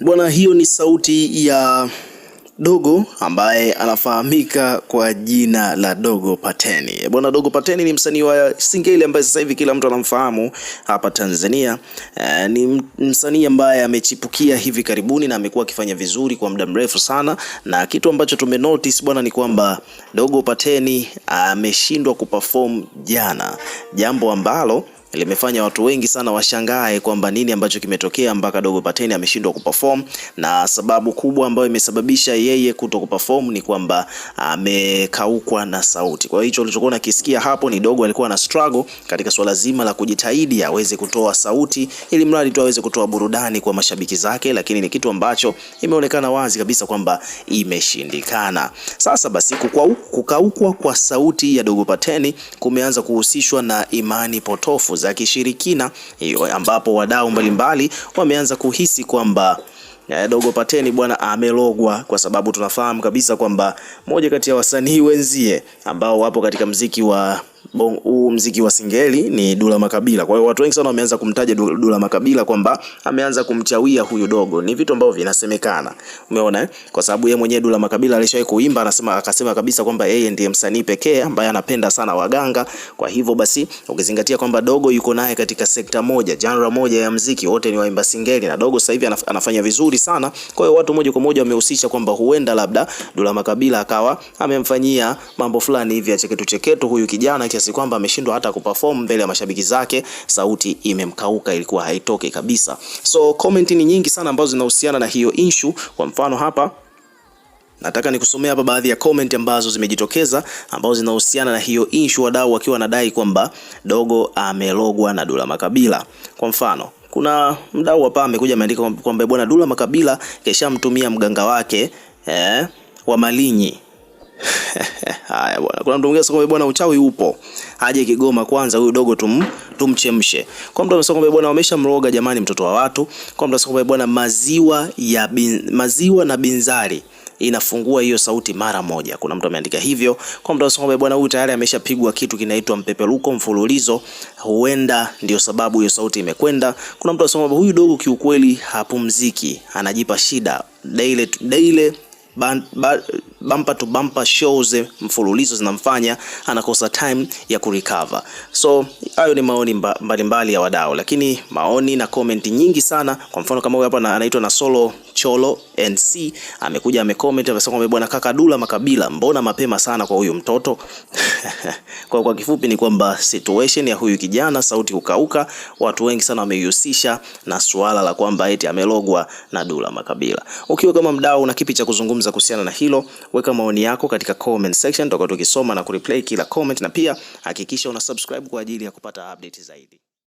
Bwana, hiyo ni sauti ya Dogo ambaye anafahamika kwa jina la Dogo Pateni. Eh, bwana Dogo Pateni ni msanii wa Singeli ambaye sasa hivi kila mtu anamfahamu hapa Tanzania. E, ni msanii ambaye amechipukia hivi karibuni na amekuwa akifanya vizuri kwa muda mrefu sana, na kitu ambacho notice bwana ni kwamba Dogo Pateni ameshindwa kuperform jana, jambo ambalo limefanya watu wengi sana washangae kwamba nini ambacho kimetokea mpaka Dogo Pateni ameshindwa kuperform, na sababu kubwa ambayo imesababisha yeye kuto kuperform ni kwamba amekaukwa na sauti. Kwa hiyo hicho ulichokuwa unakisikia hapo ni Dogo alikuwa na struggle katika swala zima la kujitahidi aweze kutoa sauti, ili mradi tu aweze kutoa burudani kwa mashabiki zake, lakini ni kitu ambacho imeonekana wazi kabisa kwamba imeshindikana. Sasa basi, kukaukwa kwa sauti ya Dogo Pateni kumeanza kuhusishwa na imani potofu za kishirikina, ambapo wadau mbalimbali wameanza kuhisi kwamba eh, Dogo Pateni bwana amelogwa, kwa sababu tunafahamu kabisa kwamba moja kati ya wasanii wenzie ambao wapo katika mziki wa huu mziki wa singeli ni Dula Makabila. Kwa hiyo watu wengi sana wameanza kumtaja Dula Makabila kwamba ameanza kumchawia huyu dogo, ni vitu ambavyo vinasemekana, umeona eh? Kwa sababu yeye mwenyewe Dula Makabila alishawahi kuimba, anasema akasema kabisa kwamba yeye ndiye msanii pekee ambaye anapenda sana waganga. Kwa hivyo basi, ukizingatia kwamba dogo yuko naye katika sekta moja, genre moja ya mziki, wote ni waimba singeli, na dogo sasa hivi anafanya vizuri sana. Kwa hiyo watu moja kwa moja wamehusisha kwamba huenda labda Dula Makabila akawa amemfanyia mambo fulani hivi ya cheketu cheketu huyu kijana kiasi kwamba ameshindwa hata kuperform mbele ya mashabiki zake, sauti imemkauka, ilikuwa haitoki kabisa. So comment ni nyingi sana ambazo zinahusiana na hiyo issue. Kwa mfano hapa nataka nikusomea hapa baadhi ya comment ambazo zimejitokeza ambazo zinahusiana na hiyo issue, wadau wakiwa wanadai kwamba Dogo amelogwa na Dula Makabila. Kwa mfano kuna mdau hapa amekuja ameandika kwamba bwana Dula Makabila keshamtumia mganga wake eh, wa Malinyi Haya bwana, kuna mtu mwingine sasa bwana, uchawi upo, aje Kigoma kwanza, huyu dogo tum, tumchemshe. Kwa mtu anasema kwamba bwana, wamesha mroga jamani, mtoto wa watu. Kwa mtu amesema bwana, maziwa ya bin, maziwa na binzari inafungua hiyo sauti mara moja. Kuna mtu ameandika hivyo. Kwa mtu anasema bwana, huyu tayari ameshapigwa kitu kinaitwa mpepeluko mfululizo, huenda ndio sababu hiyo sauti imekwenda. Kuna mtu anasema huyu dogo kiukweli hapumziki, anajipa shida daily daily bumper to bumper shows eh, mfululizo zinamfanya anakosa time ya kurecover. So hayo ni maoni mbalimbali mbali ya wadau, lakini maoni na comment nyingi sana. Kwa mfano kama huyu hapa anaitwa na solo Cholo NC amekuja amecomment amesema kwamba bwana kaka Dula Makabila, mbona mapema sana kwa huyu mtoto kwa, kwa kifupi ni kwamba situation ya huyu kijana sauti kukauka, watu wengi sana wameihusisha na suala la kwamba eti amelogwa na Dula Makabila. Ukiwa kama mdau, una kipi cha kuzungumza kuhusiana na hilo? Weka maoni yako katika comment section, tutakuwa tukisoma na kureplay kila comment, na pia hakikisha una subscribe kwa ajili ya kupata update zaidi.